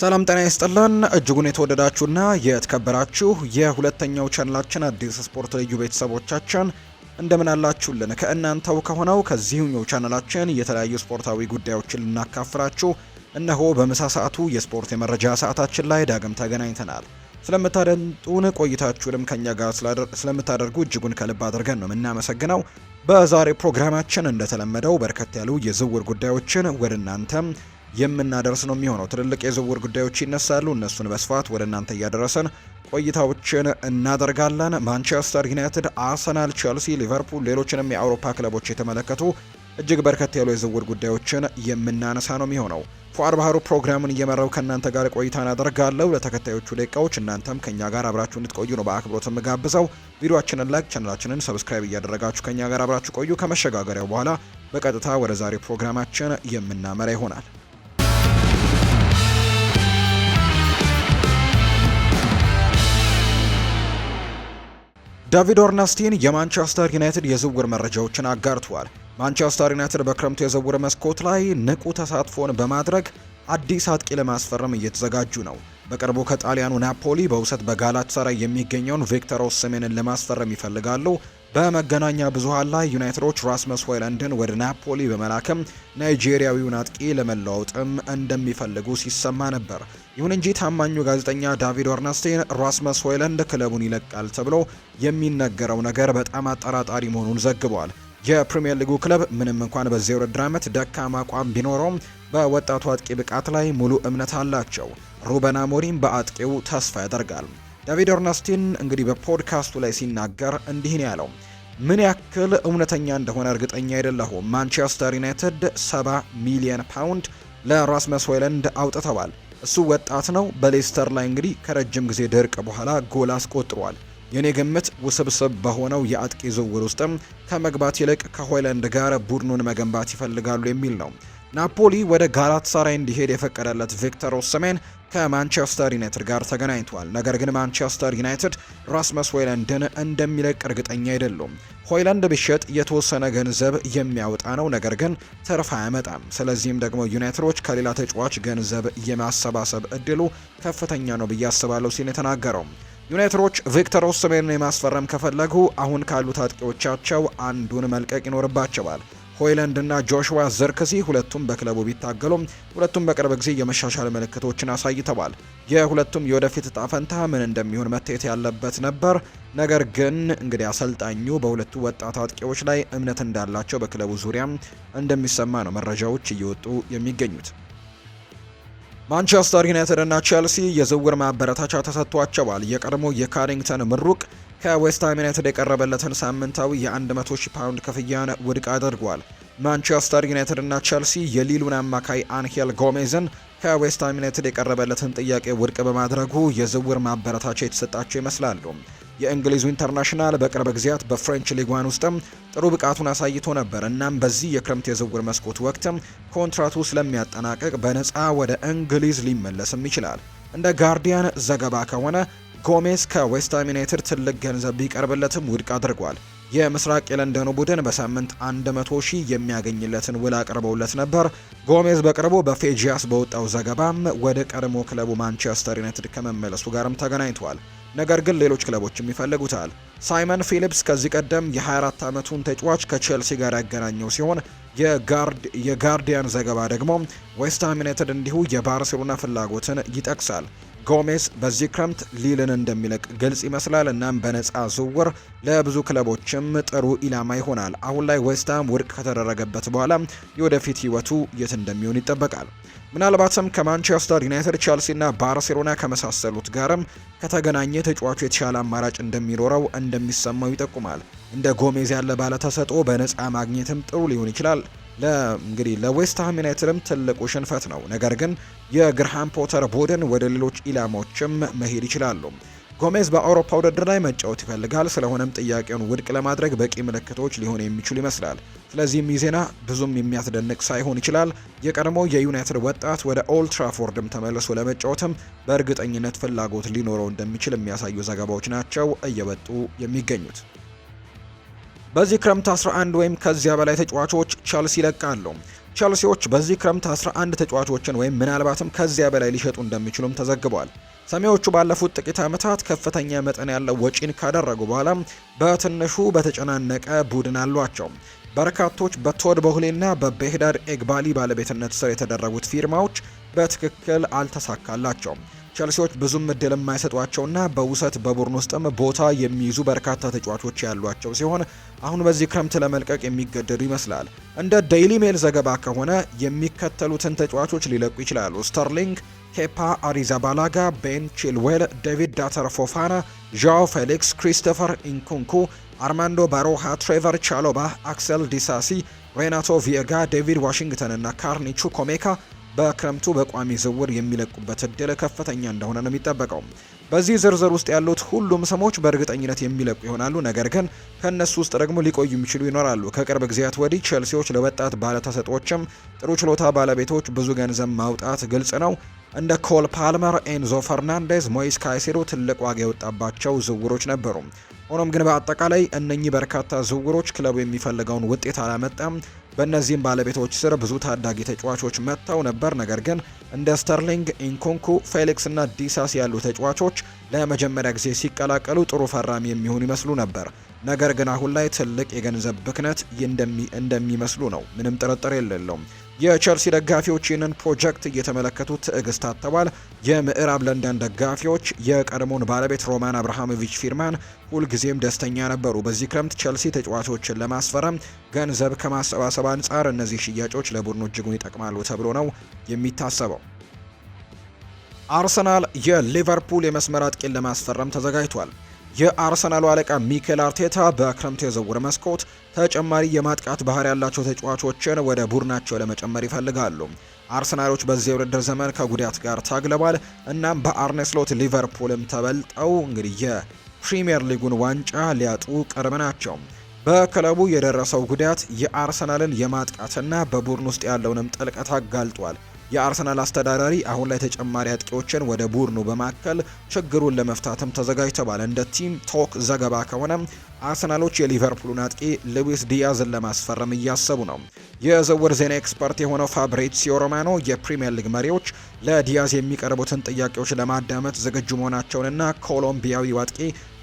ሰላም ጤና ይስጥልን እጅጉን የተወደዳችሁና የተከበራችሁ የሁለተኛው ቻናላችን አዲስ ስፖርት ልዩ ቤተሰቦቻችን እንደምን አላችሁልን? ከእናንተው ከሆነው ከዚሁኛው ቻናላችን የተለያዩ ስፖርታዊ ጉዳዮችን ልናካፍላችሁ እነሆ በምሳ ሰዓቱ የስፖርት የመረጃ ሰዓታችን ላይ ዳግም ተገናኝተናል። ስለምታደምጡን ቆይታችሁንም ከኛ ጋር ስለምታደርጉ እጅጉን ከልብ አድርገን ነው የምናመሰግነው። በዛሬ ፕሮግራማችን እንደተለመደው በርከት ያሉ የዝውውር ጉዳዮችን ወደ እናንተም የምናደርስ ነው የሚሆነው። ትልልቅ የዝውውር ጉዳዮች ይነሳሉ። እነሱን በስፋት ወደ እናንተ እያደረሰን ቆይታዎችን እናደርጋለን። ማንቸስተር ዩናይትድ፣ አርሰናል፣ ቸልሲ፣ ሊቨርፑል፣ ሌሎችንም የአውሮፓ ክለቦች የተመለከቱ እጅግ በርከት ያሉ የዝውውር ጉዳዮችን የምናነሳ ነው የሚሆነው። ፏር ባህሩ ፕሮግራሙን እየመራው ከእናንተ ጋር ቆይታ አደርጋለሁ። ለተከታዮቹ ደቂቃዎች እናንተም ከእኛ ጋር አብራችሁ እንድትቆዩ ነው በአክብሮት የምጋብዘው። ቪዲዮችንን ላይክ፣ ቻናላችንን ሰብስክራይብ እያደረጋችሁ ከእኛ ጋር አብራችሁ ቆዩ። ከመሸጋገሪያው በኋላ በቀጥታ ወደ ዛሬው ፕሮግራማችን የምናመራ ይሆናል። ዳቪድ ኦርነስቲን የማንቸስተር ዩናይትድ የዝውውር መረጃዎችን አጋርቷል። ማንቸስተር ዩናይትድ በክረምቱ የዝውውር መስኮት ላይ ንቁ ተሳትፎን በማድረግ አዲስ አጥቂ ለማስፈረም እየተዘጋጁ ነው። በቅርቡ ከጣሊያኑ ናፖሊ በውሰት በጋላት ሰራይ የሚገኘውን ቪክተር ኦስሜንን ለማስፈረም ይፈልጋሉ። በመገናኛ ብዙሃን ላይ ዩናይትዶች ራስመስ ሆይለንድን ወደ ናፖሊ በመላክም ናይጄሪያዊውን አጥቂ ለመለዋወጥም እንደሚፈልጉ ሲሰማ ነበር። ይሁን እንጂ ታማኙ ጋዜጠኛ ዳቪድ ኦርነስቴን ራስመስ ሆይለንድ ክለቡን ይለቃል ተብሎ የሚነገረው ነገር በጣም አጠራጣሪ መሆኑን ዘግቧል። የፕሪምየር ሊጉ ክለብ ምንም እንኳን በዚህ ውድድር ዓመት ደካማ አቋም ቢኖረውም በወጣቱ አጥቂ ብቃት ላይ ሙሉ እምነት አላቸው። ሩበን አሞሪም በአጥቂው ተስፋ ያደርጋል። ዳቪድ ኦርነስቲን እንግዲህ በፖድካስቱ ላይ ሲናገር እንዲህ ነው ያለው። ምን ያክል እውነተኛ እንደሆነ እርግጠኛ አይደለሁም። ማንቸስተር ዩናይትድ 70 ሚሊዮን ፓውንድ ለራስመስ ሆይለንድ አውጥተዋል። እሱ ወጣት ነው። በሌስተር ላይ እንግዲህ ከረጅም ጊዜ ድርቅ በኋላ ጎል አስቆጥሯል። የኔ ግምት ውስብስብ በሆነው የአጥቂ ዝውውር ውስጥም ከመግባት ይልቅ ከሆይለንድ ጋር ቡድኑን መገንባት ይፈልጋሉ የሚል ነው። ናፖሊ ወደ ጋላት ሳራይ እንዲሄድ የፈቀደለት ቪክተር ኦስሜን ከማንቸስተር ዩናይትድ ጋር ተገናኝቷል። ነገር ግን ማንቸስተር ዩናይትድ ራስመስ ሆይለንድን እንደሚለቅ እርግጠኛ አይደሉም። ሆይለንድ ብሸጥ የተወሰነ ገንዘብ የሚያወጣ ነው፣ ነገር ግን ትርፍ አያመጣም። ስለዚህም ደግሞ ዩናይትዶች ከሌላ ተጫዋች ገንዘብ የማሰባሰብ እድሉ ከፍተኛ ነው ብዬ አስባለሁ ሲል የተናገረው ዩናይትዶች ቪክተር ኦስሜንን የማስፈረም ከፈለጉ አሁን ካሉት አጥቂዎቻቸው አንዱን መልቀቅ ይኖርባቸዋል። ሆይላንድ እና ጆሹዋ ዘርክሲ ሁለቱም በክለቡ ቢታገሉም ሁለቱም በቅርብ ጊዜ የመሻሻል ምልክቶችን አሳይተዋል። የሁለቱም የወደፊት እጣ ፈንታ ምን እንደሚሆን መታየት ያለበት ነበር። ነገር ግን እንግዲህ አሰልጣኙ በሁለቱ ወጣት አጥቂዎች ላይ እምነት እንዳላቸው በክለቡ ዙሪያ እንደሚሰማ ነው መረጃዎች እየወጡ የሚገኙት። ማንቸስተር ዩናይትድ እና ቼልሲ የዝውውር ማበረታቻ ተሰጥቷቸዋል። የቀድሞ የካሪንግተን ምሩቅ ከዌስትሃም ዩናይትድ የቀረበለትን ሳምንታዊ የ100 ሺህ ፓውንድ ክፍያን ውድቅ አድርጓል። ማንቸስተር ዩናይትድ እና ቸልሲ የሊሉን አማካይ አንሄል ጎሜዝን ከዌስትሃም ዩናይትድ የቀረበለትን ጥያቄ ውድቅ በማድረጉ የዝውውር ማበረታቻ የተሰጣቸው ይመስላሉ። የእንግሊዙ ኢንተርናሽናል በቅርብ ጊዜያት በፍሬንች ሊጓን ውስጥም ጥሩ ብቃቱን አሳይቶ ነበር። እናም በዚህ የክረምት የዝውውር መስኮት ወቅት ኮንትራቱ ስለሚያጠናቅቅ በነፃ ወደ እንግሊዝ ሊመለስም ይችላል። እንደ ጋርዲያን ዘገባ ከሆነ ጎሜዝ ከዌስትሃም ዩናይትድ ትልቅ ገንዘብ ቢቀርብለትም ውድቅ አድርጓል። የምስራቅ የለንደኑ ቡድን በሳምንት 100 ሺህ የሚያገኝለትን ውል አቅርበውለት ነበር። ጎሜዝ በቅርቡ በፌጂያስ በወጣው ዘገባም ወደ ቀድሞ ክለቡ ማንቸስተር ዩናይትድ ከመመለሱ ጋርም ተገናኝቷል። ነገር ግን ሌሎች ክለቦችም ይፈልጉታል። ሳይመን ፊሊፕስ ከዚህ ቀደም የ24 ዓመቱን ተጫዋች ከቼልሲ ጋር ያገናኘው ሲሆን የጋርዲያን ዘገባ ደግሞ ዌስትሃም ዩናይትድ እንዲሁ የባርሴሎና ፍላጎትን ይጠቅሳል። ጎሜስ በዚህ ክረምት ሊልን እንደሚለቅ ግልጽ ይመስላል። እናም በነፃ ዝውውር ለብዙ ክለቦችም ጥሩ ኢላማ ይሆናል። አሁን ላይ ዌስትሃም ውድቅ ከተደረገበት በኋላ የወደፊት ህይወቱ የት እንደሚሆን ይጠበቃል። ምናልባትም ከማንቸስተር ዩናይትድ፣ እና ባርሴሎና ከመሳሰሉት ጋርም ከተገናኘ ተጫዋቹ የተሻለ አማራጭ እንደሚኖረው እንደሚሰማው ይጠቁማል። እንደ ጎሜዝ ያለ ባለተሰጥኦ በነፃ ማግኘትም ጥሩ ሊሆን ይችላል። እንግዲህ ለዌስትሃም ዩናይትድም ትልቁ ሽንፈት ነው። ነገር ግን የግርሃም ፖተር ቡድን ወደ ሌሎች ኢላማዎችም መሄድ ይችላሉ። ጎሜዝ በአውሮፓ ውድድር ላይ መጫወት ይፈልጋል። ስለሆነም ጥያቄውን ውድቅ ለማድረግ በቂ ምልክቶች ሊሆን የሚችሉ ይመስላል። ስለዚህም ይህ ዜና ብዙም የሚያስደንቅ ሳይሆን ይችላል። የቀድሞ የዩናይትድ ወጣት ወደ ኦልትራፎርድም ተመልሶ ለመጫወትም በእርግጠኝነት ፍላጎት ሊኖረው እንደሚችል የሚያሳዩ ዘገባዎች ናቸው እየበጡ የሚገኙት። በዚህ ክረምት 11 ወይም ከዚያ በላይ ተጫዋቾች ቸልሲ ይለቃሉ። ቸልሲዎች በዚህ ክረምት 11 ተጫዋቾችን ወይም ምናልባትም ከዚያ በላይ ሊሸጡ እንደሚችሉም ተዘግቧል። ሰሜዎቹ ባለፉት ጥቂት ዓመታት ከፍተኛ መጠን ያለው ወጪን ካደረጉ በኋላ በትንሹ በተጨናነቀ ቡድን አሏቸው። በርካቶች በቶድ በሁሌና በቤህዳድ ኤግባሊ ባለቤትነት ስር የተደረጉት ፊርማዎች በትክክል አልተሳካላቸውም። ቸልሲዎች ብዙም እድል የማይሰጧቸውና በውሰት በቡድን ውስጥም ቦታ የሚይዙ በርካታ ተጫዋቾች ያሏቸው ሲሆን አሁን በዚህ ክረምት ለመልቀቅ የሚገደዱ ይመስላል። እንደ ዴይሊ ሜል ዘገባ ከሆነ የሚከተሉትን ተጫዋቾች ሊለቁ ይችላሉ። ስተርሊንግ፣ ኬፓ አሪዛባላጋ፣ ቤን ቺልዌል፣ ዴቪድ ዳተር ፎፋና፣ ዣኦ ፌሊክስ፣ ክሪስቶፈር ኢንኩንኩ፣ አርማንዶ ባሮሃ፣ ትሬቨር ቻሎባ፣ አክሰል ዲሳሲ፣ ሬናቶ ቪየጋ፣ ዴቪድ ዋሽንግተን እና ካርኒቹ ኮሜካ በክረምቱ በቋሚ ዝውውር የሚለቁበት እድል ከፍተኛ እንደሆነ ነው የሚጠበቀው። በዚህ ዝርዝር ውስጥ ያሉት ሁሉም ስሞች በእርግጠኝነት የሚለቁ ይሆናሉ። ነገር ግን ከእነሱ ውስጥ ደግሞ ሊቆዩ የሚችሉ ይኖራሉ። ከቅርብ ጊዜያት ወዲህ ቼልሲዎች ለወጣት ባለተሰጦችም ጥሩ ችሎታ ባለቤቶች ብዙ ገንዘብ ማውጣት ግልጽ ነው። እንደ ኮል ፓልመር፣ ኤንዞ ፈርናንዴዝ፣ ሞይስ ካይሴዶ ትልቅ ዋጋ የወጣባቸው ዝውውሮች ነበሩ። ሆኖም ግን በአጠቃላይ እነኚህ በርካታ ዝውውሮች ክለቡ የሚፈልገውን ውጤት አላመጣም። በእነዚህም ባለቤቶች ስር ብዙ ታዳጊ ተጫዋቾች መጥተው ነበር። ነገር ግን እንደ ስተርሊንግ ኢንኮንኩ፣ ፌሊክስ እና ዲሳስ ያሉ ተጫዋቾች ለመጀመሪያ ጊዜ ሲቀላቀሉ ጥሩ ፈራሚ የሚሆኑ ይመስሉ ነበር። ነገር ግን አሁን ላይ ትልቅ የገንዘብ ብክነት እንደሚመስሉ ነው፣ ምንም ጥርጥር የሌለውም። የቸልሲ ደጋፊዎች ይህንን ፕሮጀክት እየተመለከቱ ትዕግስት አጥተዋል። የምዕራብ ለንደን ደጋፊዎች የቀድሞውን ባለቤት ሮማን አብርሃሞቪች ፊርማን ሁልጊዜም ደስተኛ ነበሩ። በዚህ ክረምት ቸልሲ ተጫዋቾችን ለማስፈረም ገንዘብ ከማሰባሰብ አንጻር እነዚህ ሽያጮች ለቡድኑ እጅጉን ይጠቅማሉ ተብሎ ነው የሚታሰበው። አርሰናል የሊቨርፑል የመስመር አጥቂን ለማስፈረም ተዘጋጅቷል። የአርሰናሉ አለቃ ሚኬል አርቴታ በክረምት የዝውውር መስኮት ተጨማሪ የማጥቃት ባህር ያላቸው ተጫዋቾችን ወደ ቡድናቸው ለመጨመር ይፈልጋሉ። አርሰናሎች በዚህ የውድድር ዘመን ከጉዳት ጋር ታግለዋል። እናም በአርኔስሎት ሊቨርፑልም ተበልጠው እንግዲህ የፕሪምየር ሊጉን ዋንጫ ሊያጡ ቅርብ ናቸው። በክለቡ የደረሰው ጉዳት የአርሰናልን የማጥቃትና በቡድን ውስጥ ያለውንም ጥልቀት አጋልጧል። የአርሰናል አስተዳዳሪ አሁን ላይ ተጨማሪ አጥቂዎችን ወደ ቡድኑ በማከል ችግሩን ለመፍታትም ተዘጋጅተዋል። እንደ ቲም ቶክ ዘገባ ከሆነ አርሰናሎች የሊቨርፑልን አጥቂ ሉዊስ ዲያዝን ለማስፈረም እያሰቡ ነው። የዝውውር ዜና ኤክስፐርት የሆነው ፋብሬትሲዮ ሮማኖ የፕሪምየር ሊግ መሪዎች ለዲያዝ የሚቀርቡትን ጥያቄዎች ለማዳመጥ ዝግጁ መሆናቸውንና ኮሎምቢያዊ አጥቂ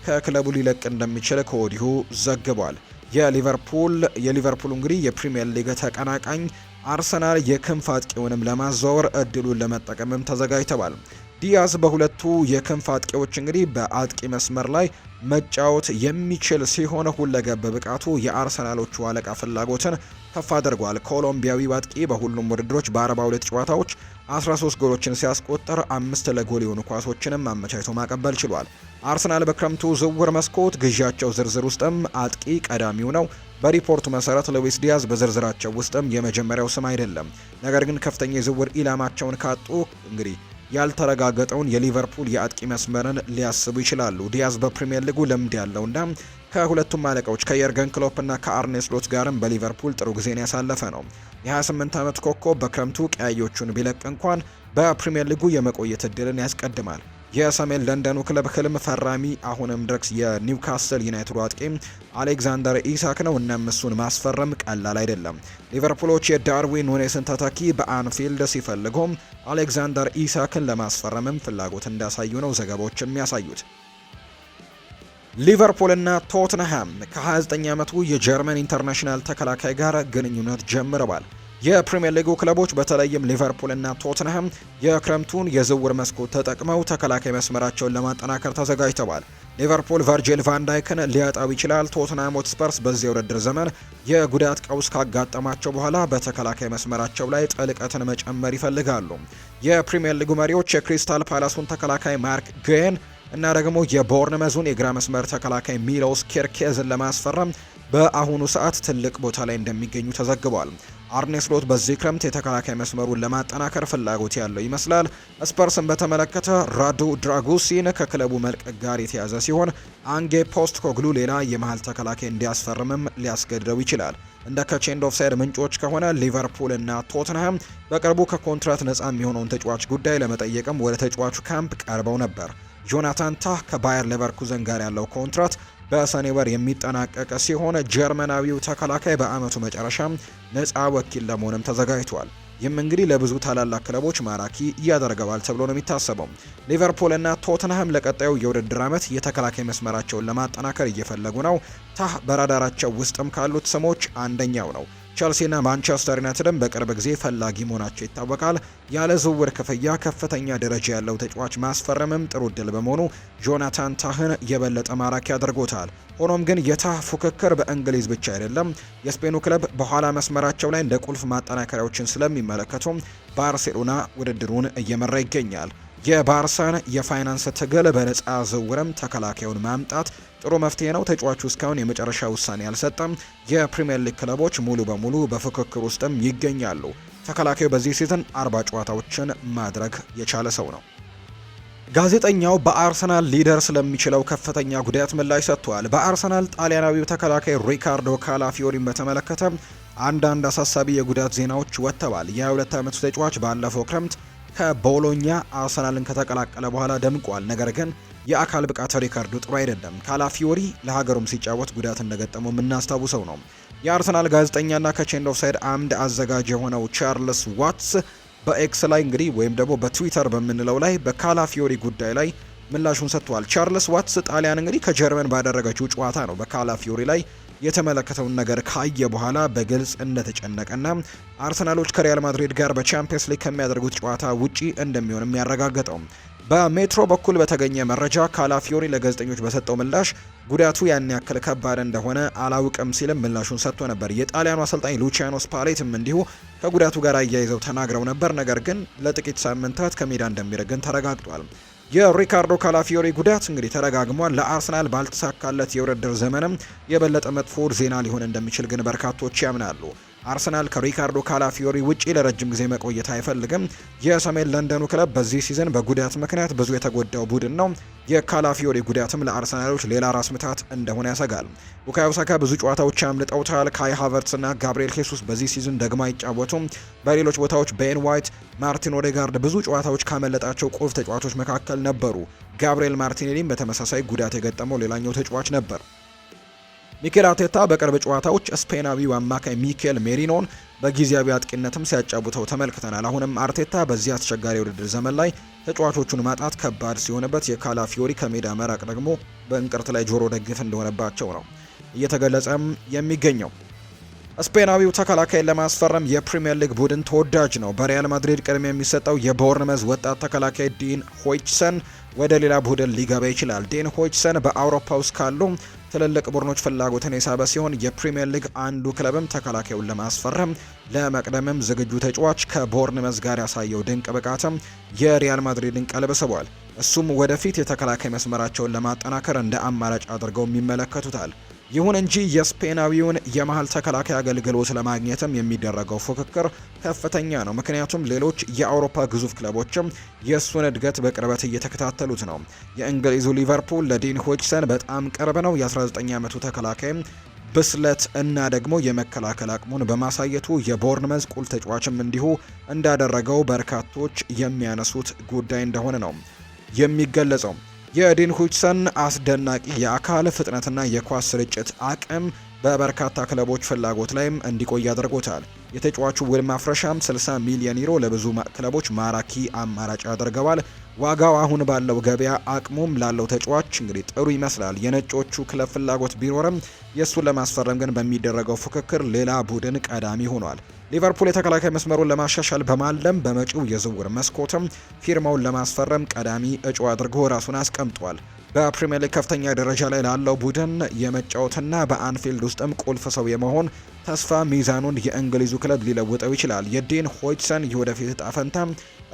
ከክለቡ ሊለቅ እንደሚችል ከወዲሁ ዘግቧል። የሊቨርፑል የሊቨርፑል እንግዲህ የፕሪምየር ሊግ ተቀናቃኝ አርሰናል የክንፍ አጥቂውንም ለማዘዋወር እድሉን ለመጠቀምም ተዘጋጅተዋል። ዲያዝ በሁለቱ የክንፍ አጥቂዎች እንግዲህ በአጥቂ መስመር ላይ መጫወት የሚችል ሲሆን ሁለገብ ብቃቱ የአርሰናሎቹ አለቃ ፍላጎትን ከፍ አድርጓል። ኮሎምቢያዊው አጥቂ በሁሉም ውድድሮች በ42 ጨዋታዎች 13 ጎሎችን ሲያስቆጠር አምስት ለጎል የሆኑ ኳሶችንም አመቻችቶ ማቀበል ችሏል። አርሰናል በክረምቱ ዝውውር መስኮት ግዢያቸው ዝርዝር ውስጥም አጥቂ ቀዳሚው ነው። በሪፖርቱ መሰረት ሉዊስ ዲያዝ በዝርዝራቸው ውስጥም የመጀመሪያው ስም አይደለም። ነገር ግን ከፍተኛ የዝውውር ኢላማቸውን ካጡ እንግዲህ ያልተረጋገጠውን የሊቨርፑል የአጥቂ መስመርን ሊያስቡ ይችላሉ። ዲያዝ በፕሪምየር ሊጉ ልምድ ያለውና ከሁለቱም አለቃዎች ከየርገን እና ከአርኔ ስሎት ጋርም በሊቨርፑል ጥሩ ጊዜን ያሳለፈ ነው። የ28 ዓመት ኮኮ በክረምቱ ቀያዮቹን ቢለቅ እንኳን በፕሪምየር ሊጉ የመቆየት እድልን ያስቀድማል። የሰሜን ለንደኑ ክለብ ህልም ፈራሚ አሁንም ድረስ የኒውካስል ዩናይትድ አጥቂ አሌክዛንደር ኢሳክ ነው። እናም እሱን ማስፈረም ቀላል አይደለም። ሊቨርፑሎች የዳርዊን ኑኔስን ተተኪ በአንፊልድ ሲፈልጉም አሌክዛንደር ኢሳክን ለማስፈረምም ፍላጎት እንዳሳዩ ነው ዘገባዎች የሚያሳዩት። እና ቶትንሃም ከ29 ዓመቱ የጀርመን ኢንተርናሽናል ተከላካይ ጋር ግንኙነት ጀምረዋል። የፕሪምየር ሊጉ ክለቦች በተለይም እና ቶትንሃም የክረምቱን የዝውውር መስኮት ተጠቅመው ተከላካይ መስመራቸውን ለማጠናከር ተዘጋጅተዋል። ሊቨርፑል ቨርጂል ቫንዳይክን ሊያጣው ይችላል። ቶትንሃም ሆትስፐርስ በዚህ ውድድር ዘመን የጉዳት ቀውስ ካጋጠማቸው በኋላ በተከላካይ መስመራቸው ላይ ጥልቀትን መጨመር ይፈልጋሉ። የፕሪምየር ሊጉ መሪዎች የክሪስታል ፓላሱን ተከላካይ ማርክ ጉዌን እና ደግሞ የቦርንመዙን የግራ መስመር ተከላካይ ሚሎስ ኬርኬዝን ለማስፈረም በአሁኑ ሰዓት ትልቅ ቦታ ላይ እንደሚገኙ ተዘግቧል። አርኔ ስሎት በዚህ ክረምት የተከላካይ መስመሩን ለማጠናከር ፍላጎት ያለው ይመስላል። ስፐርስን በተመለከተ ራዱ ድራጉሲን ከክለቡ መልቀቅ ጋር የተያዘ ሲሆን አንጌ ፖስት ኮግሉ ሌላ የመሀል ተከላካይ እንዲያስፈርምም ሊያስገድደው ይችላል። እንደ ከቼንድ ኦፍሳይድ ምንጮች ከሆነ ሊቨርፑል እና ቶትንሃም በቅርቡ ከኮንትራት ነፃ የሚሆነውን ተጫዋች ጉዳይ ለመጠየቅም ወደ ተጫዋቹ ካምፕ ቀርበው ነበር። ጆናታን ታህ ከባየር ሌቨርኩዘን ጋር ያለው ኮንትራት በሰኔ ወር የሚጠናቀቅ ሲሆን ጀርመናዊው ተከላካይ በአመቱ መጨረሻም ነፃ ወኪል ለመሆንም ተዘጋጅቷል። ይህም እንግዲህ ለብዙ ታላላቅ ክለቦች ማራኪ ያደርገዋል ተብሎ ነው የሚታሰበው። እና ቶትንሃም ለቀጣዩ የውድድር ዓመት የተከላካይ መስመራቸውን ለማጠናከር እየፈለጉ ነው። ታህ በራዳራቸው ውስጥም ካሉት ስሞች አንደኛው ነው። ቸልሲና ማንቸስተር ዩናይትድም በቅርብ ጊዜ ፈላጊ መሆናቸው ይታወቃል። ያለ ዝውውር ክፍያ ከፍተኛ ደረጃ ያለው ተጫዋች ማስፈረምም ጥሩ እድል በመሆኑ ጆናታን ታህን የበለጠ ማራኪ አድርጎታል። ሆኖም ግን የታህ ፉክክር በእንግሊዝ ብቻ አይደለም። የስፔኑ ክለብ በኋላ መስመራቸው ላይ እንደ ቁልፍ ማጠናከሪያዎችን ስለሚመለከቱ ባርሴሎና ውድድሩን እየመራ ይገኛል። የባርሳን የፋይናንስ ትግል በነፃ ዝውውርም ተከላካዩን ማምጣት ጥሩ መፍትሄ ነው። ተጫዋቹ እስካሁን የመጨረሻ ውሳኔ አልሰጠም። የፕሪምየር ሊግ ክለቦች ሙሉ በሙሉ በፍክክር ውስጥም ይገኛሉ። ተከላካዩ በዚህ ሲዝን አርባ ጨዋታዎችን ማድረግ የቻለ ሰው ነው። ጋዜጠኛው በአርሰናል ሊደር ስለሚችለው ከፍተኛ ጉዳት ምላሽ ሰጥቷል። በአርሰናል ጣሊያናዊው ተከላካይ ሪካርዶ ካላፊዮሪን በተመለከተ አንዳንድ አሳሳቢ የጉዳት ዜናዎች ወጥተዋል። የ22 ዓመቱ ተጫዋች ባለፈው ክረምት ከቦሎኛ አርሰናልን ከተቀላቀለ በኋላ ደምቋል። ነገር ግን የአካል ብቃት ሪከርዱ ጥሩ አይደለም። ካላፊዮሪ ለሀገሩም ሲጫወት ጉዳት እንደገጠመው የምናስታውሰው ነው። የአርሰናል ጋዜጠኛና ከቼንድ ኦፍ ሳይድ አምድ አዘጋጅ የሆነው ቻርልስ ዋትስ በኤክስ ላይ እንግዲህ ወይም ደግሞ በትዊተር በምንለው ላይ በካላፊዮሪ ጉዳይ ላይ ምላሹን ሰጥቷል። ቻርልስ ዋትስ ጣሊያን እንግዲህ ከጀርመን ባደረገችው ጨዋታ ነው በካላፊዮሪ ላይ የተመለከተውን ነገር ካየ በኋላ በግልጽ እንደተጨነቀና አርሰናሎች ከሪያል ማድሪድ ጋር በቻምፒየንስ ሊግ ከሚያደርጉት ጨዋታ ውጪ እንደሚሆን የሚያረጋገጠው በሜትሮ በኩል በተገኘ መረጃ ካላፊዮሪ ለጋዜጠኞች በሰጠው ምላሽ ጉዳቱ ያን ያክል ከባድ እንደሆነ አላውቅም ሲልም ምላሹን ሰጥቶ ነበር። የጣሊያኑ አሰልጣኝ ሉቺያኖ ስፓሌትም እንዲሁ ከጉዳቱ ጋር አያይዘው ተናግረው ነበር። ነገር ግን ለጥቂት ሳምንታት ከሜዳ እንደሚረግን ተረጋግጧል። የሪካርዶ ካላፊዮሪ ጉዳት እንግዲህ ተረጋግሟል ለአርሰናል ባልተሳካለት የውድድር ዘመንም የበለጠ መጥፎ ዜና ሊሆን እንደሚችል ግን በርካቶች ያምናሉ። አርሰናል ከሪካርዶ ካላፊዮሪ ውጪ ለረጅም ጊዜ መቆየት አይፈልግም። የሰሜን ለንደኑ ክለብ በዚህ ሲዝን በጉዳት ምክንያት ብዙ የተጎዳው ቡድን ነው። የካላፊዮሪ ጉዳትም ለአርሰናሎች ሌላ ራስ ምታት እንደሆነ ያሰጋል። ቡካዮ ሳካ ብዙ ጨዋታዎች ያምልጠውታል። ካይ ሃቨርትስ እና ጋብሪኤል ሄሱስ በዚህ ሲዝን ደግሞ አይጫወቱም። በሌሎች ቦታዎች ቤን ዋይት፣ ማርቲን ኦዴጋርድ ብዙ ጨዋታዎች ካመለጣቸው ቁልፍ ተጫዋቾች መካከል ነበሩ። ጋብሪኤል ማርቲኔሊም በተመሳሳይ ጉዳት የገጠመው ሌላኛው ተጫዋች ነበር። ሚኬል አርቴታ በቅርብ ጨዋታዎች ስፔናዊው አማካይ ሚኬል ሜሪኖን በጊዜያዊ አጥቂነትም ሲያጫውተው ተመልክተናል። አሁንም አርቴታ በዚህ አስቸጋሪ የውድድር ዘመን ላይ ተጫዋቾቹን ማጣት ከባድ ሲሆንበት፣ የካላፊዮሪ ከሜዳ መራቅ ደግሞ በእንቅርት ላይ ጆሮ ደግፍ እንደሆነባቸው ነው እየተገለጸም የሚገኘው። ስፔናዊው ተከላካይ ለማስፈረም የፕሪምየር ሊግ ቡድን ተወዳጅ ነው። በሪያል ማድሪድ ቅድሚያ የሚሰጠው የቦርንመዝ ወጣት ተከላካይ ዲን ሆይችሰን ወደ ሌላ ቡድን ሊገባ ይችላል። ዴን ሆይችሰን በአውሮፓ ውስጥ ካሉ ትልልቅ ቡድኖች ፍላጎትን የሳበ ሲሆን የፕሪምየር ሊግ አንዱ ክለብም ተከላካዩን ለማስፈረም ለመቅደምም ዝግጁ ተጫዋች ከቦርንመዝ ጋር ያሳየው ድንቅ ብቃትም የሪያል ማድሪድን ቀልብ ስቧል። እሱም ወደፊት የተከላካይ መስመራቸውን ለማጠናከር እንደ አማራጭ አድርገው ይመለከቱታል። ይሁን እንጂ የስፔናዊውን የመሀል ተከላካይ አገልግሎት ለማግኘትም የሚደረገው ፉክክር ከፍተኛ ነው። ምክንያቱም ሌሎች የአውሮፓ ግዙፍ ክለቦችም የእሱን እድገት በቅርበት እየተከታተሉት ነው። የእንግሊዙ ሊቨርፑል ለዲን ሆችሰን በጣም ቅርብ ነው። የ19 ዓመቱ ተከላካይ ብስለት እና ደግሞ የመከላከል አቅሙን በማሳየቱ የቦርንመዝ ቁል ተጫዋችም እንዲሁ እንዳደረገው በርካቶች የሚያነሱት ጉዳይ እንደሆነ ነው የሚገለጸው። የዲን ሁጅሰን አስደናቂ የአካል ፍጥነትና የኳስ ስርጭት አቅም በበርካታ ክለቦች ፍላጎት ላይም እንዲቆይ ያደርጎታል። የተጫዋቹ ውል ማፍረሻም 60 ሚሊዮን ዩሮ ለብዙ ክለቦች ማራኪ አማራጭ ያደርገዋል። ዋጋው አሁን ባለው ገበያ አቅሙም ላለው ተጫዋች እንግዲህ ጥሩ ይመስላል። የነጮቹ ክለብ ፍላጎት ቢኖርም የእሱን ለማስፈረም ግን በሚደረገው ፉክክር ሌላ ቡድን ቀዳሚ ሆኗል። ሊቨርፑል የተከላካይ መስመሩን ለማሻሻል በማለም በመጪው የዝውውር መስኮትም ፊርማውን ለማስፈረም ቀዳሚ እጩ አድርጎ ራሱን አስቀምጧል። በፕሪምየር ሊግ ከፍተኛ ደረጃ ላይ ላለው ቡድን የመጫወትና በአንፊልድ ውስጥም ቁልፍ ሰው የመሆን ተስፋ ሚዛኑን የእንግሊዙ ክለብ ሊለውጠው ይችላል። የዴን ሆይትሰን የወደፊት እጣ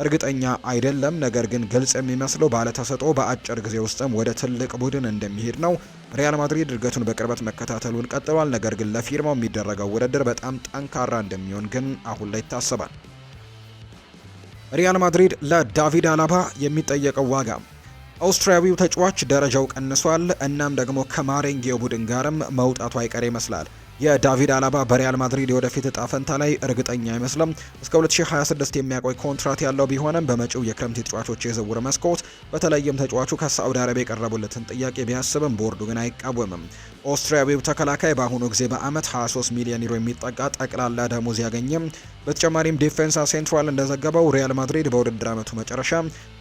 እርግጠኛ አይደለም። ነገር ግን ግልጽ የሚመስለው ባለተሰጦ በአጭር ጊዜ ውስጥም ወደ ትልቅ ቡድን እንደሚሄድ ነው። ሪያል ማድሪድ እድገቱን በቅርበት መከታተሉን ቀጥሏል። ነገር ግን ለፊርማው የሚደረገው ውድድር በጣም ጠንካራ እንደሚሆን ግን አሁን ላይ ይታሰባል። ሪያል ማድሪድ ለዳቪድ አላባ የሚጠየቀው ዋጋ አውስትሪያዊው ተጫዋች ደረጃው ቀንሷል። እናም ደግሞ ከማሬንጌው ቡድን ጋርም መውጣቱ አይቀር ይመስላል። የዳቪድ አላባ በሪያል ማድሪድ የወደፊት እጣ ፈንታ ላይ እርግጠኛ አይመስልም። እስከ 2026 የሚያቆይ ኮንትራት ያለው ቢሆንም በመጪው የክረምት ተጫዋቾች የዝውውር መስኮት በተለይም ተጫዋቹ ከሳዑዲ አረቢያ የቀረቡለትን ጥያቄ ቢያስብም ቦርዱ ግን አይቃወምም። ኦስትሪያዊው ተከላካይ በአሁኑ ጊዜ በአመት 23 ሚሊዮን ዩሮ የሚጠጋ ጠቅላላ ደሞዝ ያገኘም። በተጨማሪም ዲፌንሳ ሴንትራል እንደዘገበው ሪያል ማድሪድ በውድድር አመቱ መጨረሻ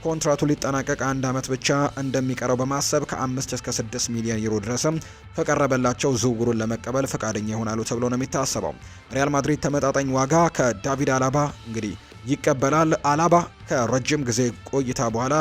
ኮንትራቱ ሊጠናቀቅ አንድ አመት ብቻ እንደሚቀረው በማሰብ ከ5 እስከ 6 ሚሊዮን ዩሮ ድረስም ከቀረበላቸው ዝውውሩን ለመቀበል ፈቃደኛ ደስተኛ ይሆናሉ ተብሎ ነው የሚታሰበው። ሪያል ማድሪድ ተመጣጣኝ ዋጋ ከዳቪድ አላባ እንግዲህ ይቀበላል። አላባ ከረጅም ጊዜ ቆይታ በኋላ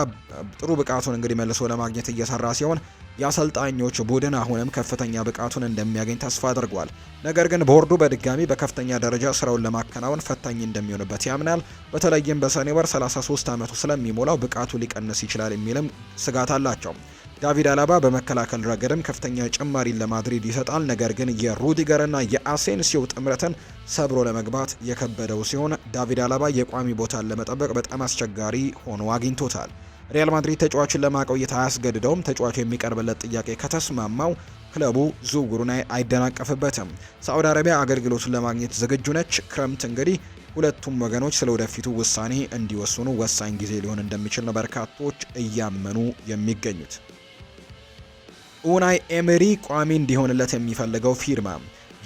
ጥሩ ብቃቱን እንግዲህ መልሶ ለማግኘት እየሰራ ሲሆን የአሰልጣኞች ቡድን አሁንም ከፍተኛ ብቃቱን እንደሚያገኝ ተስፋ አድርጓል። ነገር ግን ቦርዱ በድጋሚ በከፍተኛ ደረጃ ስራውን ለማከናወን ፈታኝ እንደሚሆንበት ያምናል። በተለይም በሰኔ ወር 33 ዓመቱ ስለሚሞላው ብቃቱ ሊቀንስ ይችላል የሚልም ስጋት አላቸው። ዳቪድ አላባ በመከላከል ረገድም ከፍተኛ ጭማሪን ለማድሪድ ይሰጣል። ነገር ግን የሩዲገርና የአሴንሲዮ ጥምረትን ሰብሮ ለመግባት የከበደው ሲሆን ዳቪድ አላባ የቋሚ ቦታን ለመጠበቅ በጣም አስቸጋሪ ሆኖ አግኝቶታል። ሪያል ማድሪድ ተጫዋቹን ለማቆየት አያስገድደውም። ተጫዋቹ የሚቀርብለት ጥያቄ ከተስማማው ክለቡ ዝውውሩን አይደናቀፍበትም። ሳዑዲ አረቢያ አገልግሎቱን ለማግኘት ዝግጁ ነች። ክረምት እንግዲህ ሁለቱም ወገኖች ስለ ወደፊቱ ውሳኔ እንዲወስኑ ወሳኝ ጊዜ ሊሆን እንደሚችል ነው በርካቶች እያመኑ የሚገኙት። ኡናይ ኤምሪ ቋሚ እንዲሆንለት የሚፈልገው ፊርማ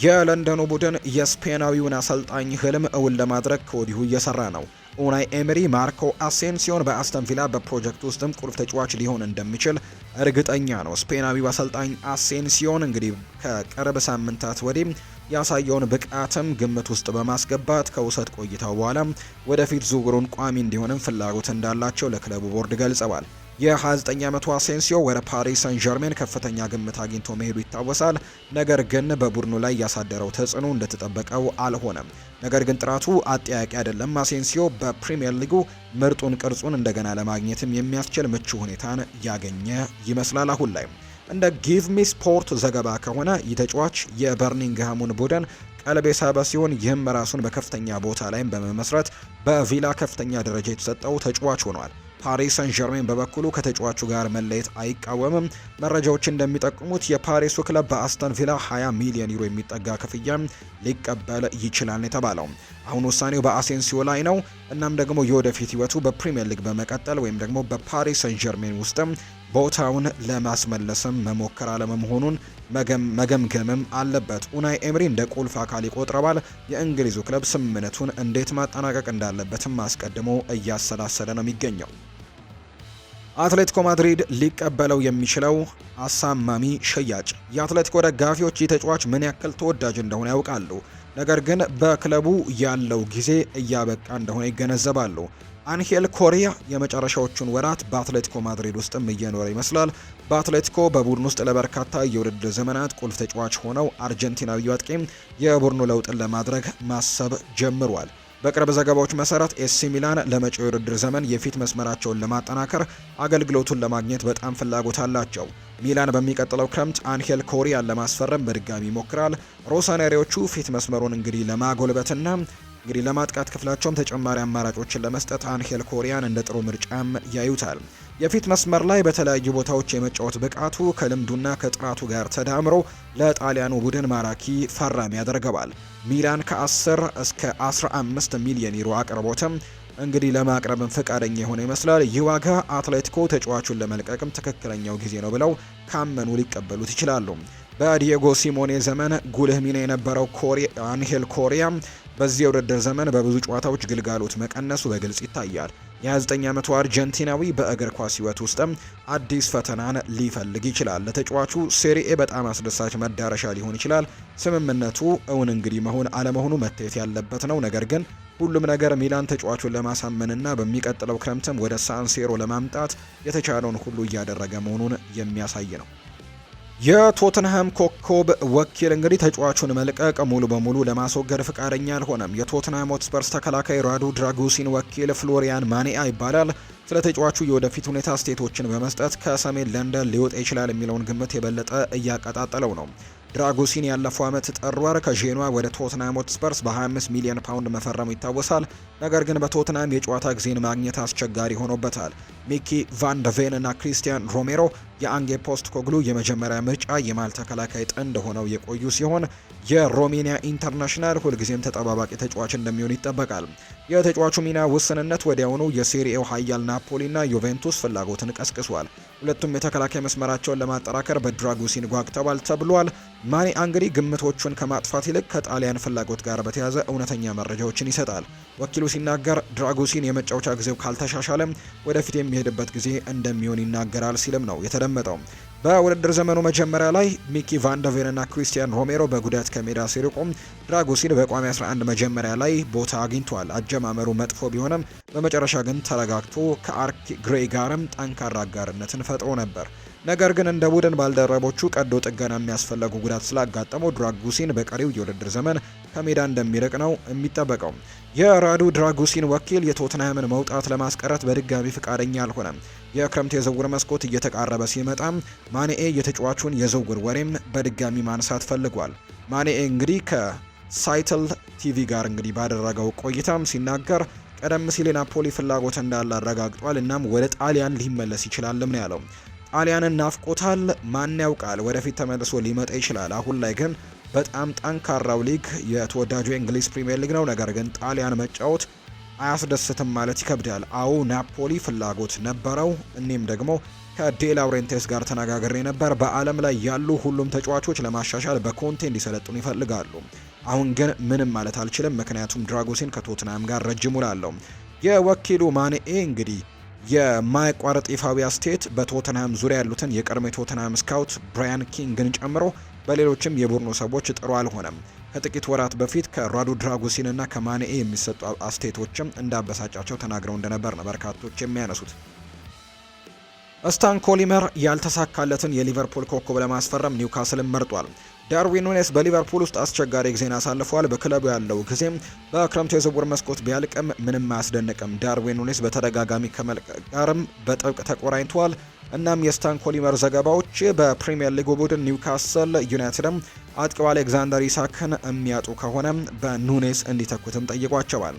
የለንደኑ ቡድን የስፔናዊውን አሰልጣኝ ህልም እውን ለማድረግ ከወዲሁ እየሰራ ነው። ኡናይ ኤምሪ ማርኮ አሴንሲዮን በአስተን ቪላ በፕሮጀክት ውስጥም ቁልፍ ተጫዋች ሊሆን እንደሚችል እርግጠኛ ነው። ስፔናዊው አሰልጣኝ አሴንሲዮን እንግዲህ ከቅርብ ሳምንታት ወዲህ ያሳየውን ብቃትም ግምት ውስጥ በማስገባት ከውሰት ቆይታው በኋላ ወደፊት ዝውውሩን ቋሚ እንዲሆንም ፍላጎት እንዳላቸው ለክለቡ ቦርድ ገልጸዋል። የ29 ዓመቱ አሴንሲዮ ወደ ፓሪስ ሰን ዠርሜን ከፍተኛ ግምት አግኝቶ መሄዱ ይታወሳል። ነገር ግን በቡድኑ ላይ ያሳደረው ተጽዕኖ እንደተጠበቀው አልሆነም። ነገር ግን ጥራቱ አጠያቂ አይደለም። አሴንሲዮ በፕሪምየር ሊጉ ምርጡን ቅርጹን እንደገና ለማግኘትም የሚያስችል ምቹ ሁኔታን ያገኘ ይመስላል። አሁን ላይ እንደ ጊቭ ሚ ስፖርት ዘገባ ከሆነ የተጫዋች የበርኒንግሃሙን ቡድን ቀልብ የሳበ ሲሆን ይህም ራሱን በከፍተኛ ቦታ ላይም በመመስረት በቪላ ከፍተኛ ደረጃ የተሰጠው ተጫዋች ሆኗል። ፓሪስ ሰን ዠርሜን በበኩሉ ከተጫዋቹ ጋር መለየት አይቃወምም። መረጃዎች እንደሚጠቁሙት የፓሪሱ ክለብ በአስተን ቪላ 20 ሚሊዮን ዩሮ የሚጠጋ ክፍያ ሊቀበል ይችላል የተባለው አሁን ውሳኔው በአሴንሲዮ ላይ ነው። እናም ደግሞ የወደፊት ህይወቱ በፕሪምየር ሊግ በመቀጠል ወይም ደግሞ በፓሪስ ሰን ዠርሜን ውስጥም ቦታውን ለማስመለስም መሞከር አለመሆኑን መገምገምም አለበት። ኡናይ ኤምሪ እንደ ቁልፍ አካል ይቆጥረዋል። የእንግሊዙ ክለብ ስምምነቱን እንዴት ማጠናቀቅ እንዳለበትም አስቀድሞ እያሰላሰለ ነው የሚገኘው። አትሌቲኮ ማድሪድ ሊቀበለው የሚችለው አሳማሚ ሽያጭ። የአትሌቲኮ ደጋፊዎች የተጫዋች ምን ያክል ተወዳጅ እንደሆነ ያውቃሉ። ነገር ግን በክለቡ ያለው ጊዜ እያበቃ እንደሆነ ይገነዘባሉ። አንሄል ኮሪያ የመጨረሻዎቹን ወራት በአትሌቲኮ ማድሪድ ውስጥም እየኖረ ይመስላል። በአትሌቲኮ በቡድን ውስጥ ለበርካታ የውድድር ዘመናት ቁልፍ ተጫዋች ሆነው አርጀንቲናዊ አጥቂም የቡድኑ ለውጥን ለማድረግ ማሰብ ጀምሯል። በቅርብ ዘገባዎች መሰረት ኤሲ ሚላን ለመጪው የውድድር ዘመን የፊት መስመራቸውን ለማጠናከር አገልግሎቱን ለማግኘት በጣም ፍላጎት አላቸው። ሚላን በሚቀጥለው ክረምት አንሄል ኮሪያን ለማስፈረም በድጋሚ ይሞክራል። ሮሳኔሪዎቹ ፊት መስመሩን እንግዲህ ለማጎልበትና እንግዲህ ለማጥቃት ክፍላቸውም ተጨማሪ አማራጮችን ለመስጠት አንሄል ኮሪያን እንደ ጥሩ ምርጫም ያዩታል። የፊት መስመር ላይ በተለያዩ ቦታዎች የመጫወት ብቃቱ ከልምዱና ከጥራቱ ጋር ተዳምሮ ለጣሊያኑ ቡድን ማራኪ ፈራሚ ያደርገዋል። ሚላን ከ10 እስከ 15 ሚሊዮን ዩሮ አቅርቦትም እንግዲህ ለማቅረብም ፈቃደኛ የሆነ ይመስላል። ይህ ዋጋ አትሌቲኮ ተጫዋቹን ለመልቀቅም ትክክለኛው ጊዜ ነው ብለው ካመኑ ሊቀበሉት ይችላሉ። በዲየጎ ሲሞኔ ዘመን ጉልህ ሚና የነበረው አንሄል ኮሪያ በዚህ የውድድር ዘመን በብዙ ጨዋታዎች ግልጋሎት መቀነሱ በግልጽ ይታያል። የ29 ዓመቱ አርጀንቲናዊ በእግር ኳስ ህይወት ውስጥም አዲስ ፈተናን ሊፈልግ ይችላል። ለተጫዋቹ ሴሪኤ በጣም አስደሳች መዳረሻ ሊሆን ይችላል። ስምምነቱ እውን እንግዲህ መሆን አለመሆኑ መታየት ያለበት ነው። ነገር ግን ሁሉም ነገር ሚላን ተጫዋቹን ለማሳመንና በሚቀጥለው ክረምትም ወደ ሳንሴሮ ለማምጣት የተቻለውን ሁሉ እያደረገ መሆኑን የሚያሳይ ነው። የቶትንሃም ኮከብ ወኪል እንግዲህ ተጫዋቹን መልቀቅ ሙሉ በሙሉ ለማስወገድ ፍቃደኛ አልሆነም። የቶትንሃም ሆትስፐርስ ተከላካይ ራዱ ድራጉሲን ወኪል ፍሎሪያን ማኔአ ይባላል። ስለ ተጫዋቹ የወደፊት ሁኔታ ስቴቶችን በመስጠት ከሰሜን ለንደን ሊወጣ ይችላል የሚለውን ግምት የበለጠ እያቀጣጠለው ነው። ድራጉሲን ያለፈው ዓመት ጠሯር ከዤኗ ወደ ቶትንሃም ሆትስፐርስ በ25 ሚሊዮን ፓውንድ መፈረሙ ይታወሳል። ነገር ግን በቶትንሃም የጨዋታ ጊዜን ማግኘት አስቸጋሪ ሆኖበታል። ሚኪ ቫን ደቬን እና ክሪስቲያን ሮሜሮ የአንጌ ፖስት ኮግሉ የመጀመሪያ ምርጫ የማል ተከላካይ ጥንድ ሆነው የቆዩ ሲሆን የሮሜኒያ ኢንተርናሽናል ሁልጊዜም ተጠባባቂ ተጫዋች እንደሚሆን ይጠበቃል። የተጫዋቹ ሚና ውስንነት ወዲያውኑ የሴሪኤው ኃያል ናፖሊና ዩቬንቱስ ፍላጎትን ቀስቅሷል። ሁለቱም የተከላካይ መስመራቸውን ለማጠራከር በድራጉሲን ጓግተዋል ተብሏል። ማኒ አንግሪ ግምቶቹን ከማጥፋት ይልቅ ከጣሊያን ፍላጎት ጋር በተያያዘ እውነተኛ መረጃዎችን ይሰጣል። ወኪሉ ሲናገር ድራጉሲን የመጫወቻ ጊዜው ካልተሻሻለም ወደፊት የሚ የሚሄድበት ጊዜ እንደሚሆን ይናገራል ሲልም ነው የተደመጠው። በውድድር ዘመኑ መጀመሪያ ላይ ሚኪ ቫንደቬን እና ክሪስቲያን ሮሜሮ በጉዳት ከሜዳ ሲርቁም ድራጉሲን በቋሚ 11 መጀመሪያ ላይ ቦታ አግኝቷል። አጀማመሩ መጥፎ ቢሆንም በመጨረሻ ግን ተረጋግቶ ከአርክ ግሬይ ጋርም ጠንካራ አጋርነትን ፈጥሮ ነበር። ነገር ግን እንደ ቡድን ባልደረቦቹ ቀዶ ጥገና የሚያስፈለጉ ጉዳት ስላጋጠመው ድራጉሲን በቀሪው የውድድር ዘመን ከሜዳ እንደሚርቅ ነው የሚጠበቀው። የራዱ ድራጉሲን ወኪል የቶትናምን መውጣት ለማስቀረት በድጋሚ ፍቃደኛ አልሆነም። የክረምት የዝውውር መስኮት እየተቃረበ ሲመጣ ማኔኤ የተጫዋቹን የዝውውር ወሬም በድጋሚ ማንሳት ፈልጓል። ማኔኤ እንግዲህ ከሳይትል ቲቪ ጋር እንግዲህ ባደረገው ቆይታም ሲናገር ቀደም ሲል የናፖሊ ፍላጎት እንዳለ አረጋግጧል። እናም ወደ ጣሊያን ሊመለስ ይችላልም ነው ያለው። ጣሊያንን ናፍቆታል። ማን ያውቃል ወደፊት ተመልሶ ሊመጣ ይችላል። አሁን ላይ ግን በጣም ጠንካራው ሊግ የተወዳጁ የእንግሊዝ ፕሪምየር ሊግ ነው። ነገር ግን ጣሊያን መጫወት አያስደስትም ማለት ይከብዳል። አዎ ናፖሊ ፍላጎት ነበረው። እኔም ደግሞ ከዴ ጋር ተነጋግሬ ነበር። በዓለም ላይ ያሉ ሁሉም ተጫዋቾች ለማሻሻል በኮንቴ እንዲሰለጥኑ ይፈልጋሉ። አሁን ግን ምንም ማለት አልችልም፣ ምክንያቱም ድራጎሲን ከቶትናም ጋር ረጅም ውላለሁ። የወኪሉ ማንኤ እንግዲህ የማያቋርጥ ይፋዊ አስተያየት በቶተንሃም ዙሪያ ያሉትን የቀድሞ የቶተንሃም ስካውት ብራያን ኪንግን ጨምሮ በሌሎችም የቡድኑ ሰዎች ጥሩ አልሆነም። ከጥቂት ወራት በፊት ከራዱ ድራጉሲን እና ከማኔኤ የሚሰጡ አስተያየቶችም እንዳበሳጫቸው ተናግረው እንደነበር ነው በርካቶች የሚያነሱት። ስታን ኮሊመር ያልተሳካለትን የሊቨርፑል ኮከብ ለማስፈረም ኒውካስልን መርጧል። ዳርዊን ኑኔስ በሊቨርፑል ውስጥ አስቸጋሪ ጊዜን አሳልፏል። በክለቡ ያለው ጊዜም በክረምቱ የዝውውር መስኮት ቢያልቅም ምንም አያስደንቅም። ዳርዊን ኑኔስ በተደጋጋሚ ከመልቀቅ ጋርም በጥብቅ ተቆራኝቷል። እናም የስታን ኮሊመር ዘገባዎች በፕሪምየር ሊግ ቡድን ኒውካስል ዩናይትድም አጥቂው አሌክዛንደር ኢሳክን የሚያጡ ከሆነ በኑኔስ እንዲተኩትም ጠይቋቸዋል።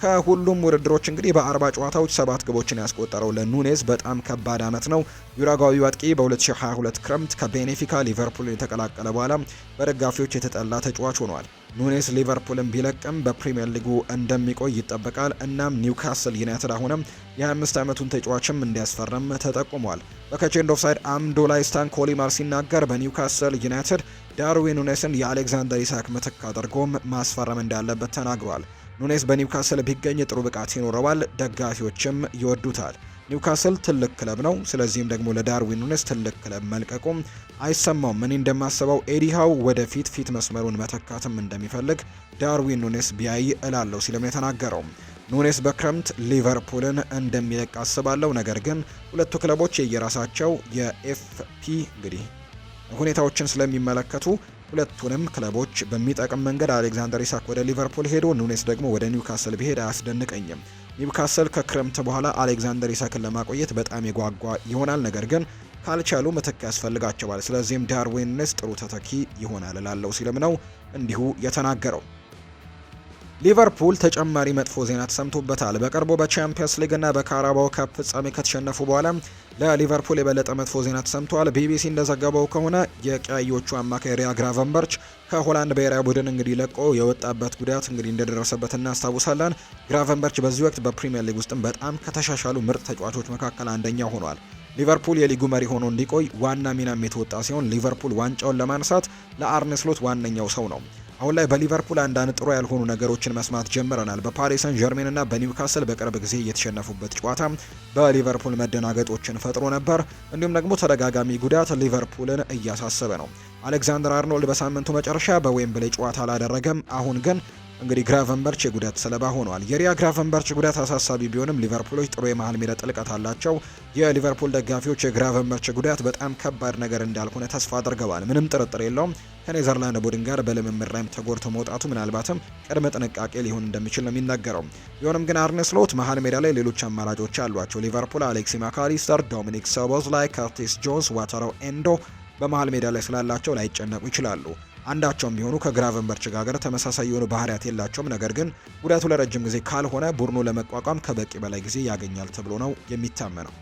ከሁሉም ውድድሮች እንግዲህ በአርባ ጨዋታዎች ሰባት ግቦችን ያስቆጠረው ለኑኔዝ በጣም ከባድ ዓመት ነው። ዩራጓዊ አጥቂ በ2022 ክረምት ከቤኔፊካ ሊቨርፑል የተቀላቀለ በኋላ በደጋፊዎች የተጠላ ተጫዋች ሆኗል። ኑኔዝ ሊቨርፑልን ቢለቅም በፕሪምየር ሊጉ እንደሚቆይ ይጠበቃል። እናም ኒውካስል ዩናይትድ አሁንም የ25 ዓመቱን ተጫዋችም እንዲያስፈርም ተጠቁሟል። በከቼንዶ ሳይድ አምዶ ላይ ስታን ኮሊማር ሲናገር በኒውካስል ዩናይትድ ዳርዊን ኑኔስን የአሌክዛንደር ኢሳክ ምትክ አድርጎም ማስፈረም እንዳለበት ተናግሯል። ኑኔስ በኒውካስል ቢገኝ ጥሩ ብቃት ይኖረዋል፣ ደጋፊዎችም ይወዱታል። ኒውካስል ትልቅ ክለብ ነው። ስለዚህም ደግሞ ለዳርዊን ኑኔስ ትልቅ ክለብ መልቀቁም አይሰማውም። እኔ እንደማስበው ኤዲሃው ወደፊት ፊት መስመሩን መተካትም እንደሚፈልግ ዳርዊን ኑኔስ ቢያይ እላለሁ ሲልም የተናገረው ኑኔስ በክረምት ሊቨርፑልን እንደሚለቅ አስባለሁ። ነገር ግን ሁለቱ ክለቦች የየራሳቸው የኤፍፒ እንግዲህ ሁኔታዎችን ስለሚመለከቱ ሁለቱንም ክለቦች በሚጠቅም መንገድ አሌክዛንደር ኢሳክ ወደ ሊቨርፑል ሄዶ ኑኔስ ደግሞ ወደ ኒውካስል ቢሄድ አያስደንቀኝም። ኒውካስል ከክረምት በኋላ አሌክዛንደር ኢሳክን ለማቆየት በጣም የጓጓ ይሆናል። ነገር ግን ካልቻሉ ምትክ ያስፈልጋቸዋል። ስለዚህም ዳርዊን ኑኔስ ጥሩ ተተኪ ይሆናል እላለሁ ሲልም ነው እንዲሁ የተናገረው። ሊቨርፑል ተጨማሪ መጥፎ ዜና ተሰምቶበታል። በቅርቡ በቻምፒየንስ ሊግና በካራባው ካፕ ፍጻሜ ከተሸነፉ በኋላ ለሊቨርፑል የበለጠ መጥፎ ዜና ተሰምቷል። ቢቢሲ እንደዘገበው ከሆነ የቀያዮቹ አማካይ ሪያ ግራቨንበርች ከሆላንድ ብሔራዊ ቡድን እንግዲህ ለቆ የወጣበት ጉዳት እንግዲህ እንደደረሰበት እናስታውሳለን። ግራቨንበርች በዚህ ወቅት በፕሪምየር ሊግ ውስጥም በጣም ከተሻሻሉ ምርጥ ተጫዋቾች መካከል አንደኛ ሆኗል። ሊቨርፑል የሊጉ መሪ ሆኖ እንዲቆይ ዋና ሚናም የተወጣ ሲሆን ሊቨርፑል ዋንጫውን ለማንሳት ለአርኔ ስሎት ዋነኛው ሰው ነው። አሁን ላይ በሊቨርፑል አንዳንድ ጥሩ ያልሆኑ ነገሮችን መስማት ጀምረናል። በፓሪስ ሰን ጀርሜን እና በኒውካስል በቅርብ ጊዜ የተሸነፉበት ጨዋታ በሊቨርፑል መደናገጦችን ፈጥሮ ነበር። እንዲሁም ደግሞ ተደጋጋሚ ጉዳት ሊቨርፑልን እያሳሰበ ነው። አሌክዛንደር አርኖልድ በሳምንቱ መጨረሻ በዌምብሌ ጨዋታ አላደረገም። አሁን ግን እንግዲህ ግራቨንበርች የጉዳት ሰለባ ሆኗል። የሪያ ግራቨንበርች ጉዳት አሳሳቢ ቢሆንም ሊቨርፑሎች ጥሩ የመሀል ሜዳ ጥልቀት አላቸው። የሊቨርፑል ደጋፊዎች የግራቨንበርች ጉዳት በጣም ከባድ ነገር እንዳልሆነ ተስፋ አድርገዋል። ምንም ጥርጥር የለውም። ከኔዘርላንድ ቡድን ጋር በልምምድ ላይም ተጎድቶ መውጣቱ ምናልባትም ቅድመ ጥንቃቄ ሊሆን እንደሚችል ነው የሚነገረው። ቢሆንም ግን አርነ ስሎት መሀል ሜዳ ላይ ሌሎች አማራጮች አሏቸው። ሊቨርፑል አሌክሲ ማካሊስተር፣ ዶሚኒክ ሶቦዝላይ፣ ከርቲስ ጆንስ፣ ዋተሮ ኤንዶ በመሀል ሜዳ ላይ ስላላቸው ላይጨነቁ ይችላሉ። አንዳቸውም ቢሆኑ ከግራቨንበርች ጋር ተመሳሳይ የሆኑ ባህሪያት የላቸውም። ነገር ግን ጉዳቱ ለረጅም ጊዜ ካልሆነ ቡድኑ ለመቋቋም ከበቂ በላይ ጊዜ ያገኛል ተብሎ ነው የሚታመነው።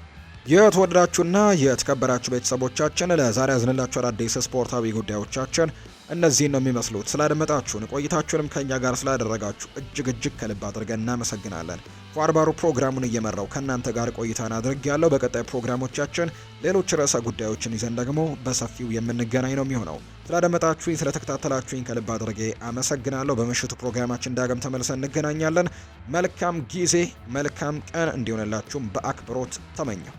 የተወደዳችሁና የተከበራችሁ ቤተሰቦቻችን ለዛሬ ያዝንላችሁ አዳዲስ ስፖርታዊ ጉዳዮቻችን እነዚህን ነው የሚመስሉት። ስላደመጣችሁን ቆይታችሁንም ከእኛ ጋር ስላደረጋችሁ እጅግ እጅግ ከልብ አድርገን እናመሰግናለን። ፏርባሩ ፕሮግራሙን እየመራው ከእናንተ ጋር ቆይታን አድርግ ያለው። በቀጣይ ፕሮግራሞቻችን ሌሎች ርዕሰ ጉዳዮችን ይዘን ደግሞ በሰፊው የምንገናኝ ነው የሚሆነው። ስላደመጣችሁኝ፣ ስለተከታተላችሁኝ ከልብ አድርጌ አመሰግናለሁ። በምሽቱ ፕሮግራማችን ዳግም ተመልሰን እንገናኛለን። መልካም ጊዜ፣ መልካም ቀን እንዲሆንላችሁም በአክብሮት ተመኘው።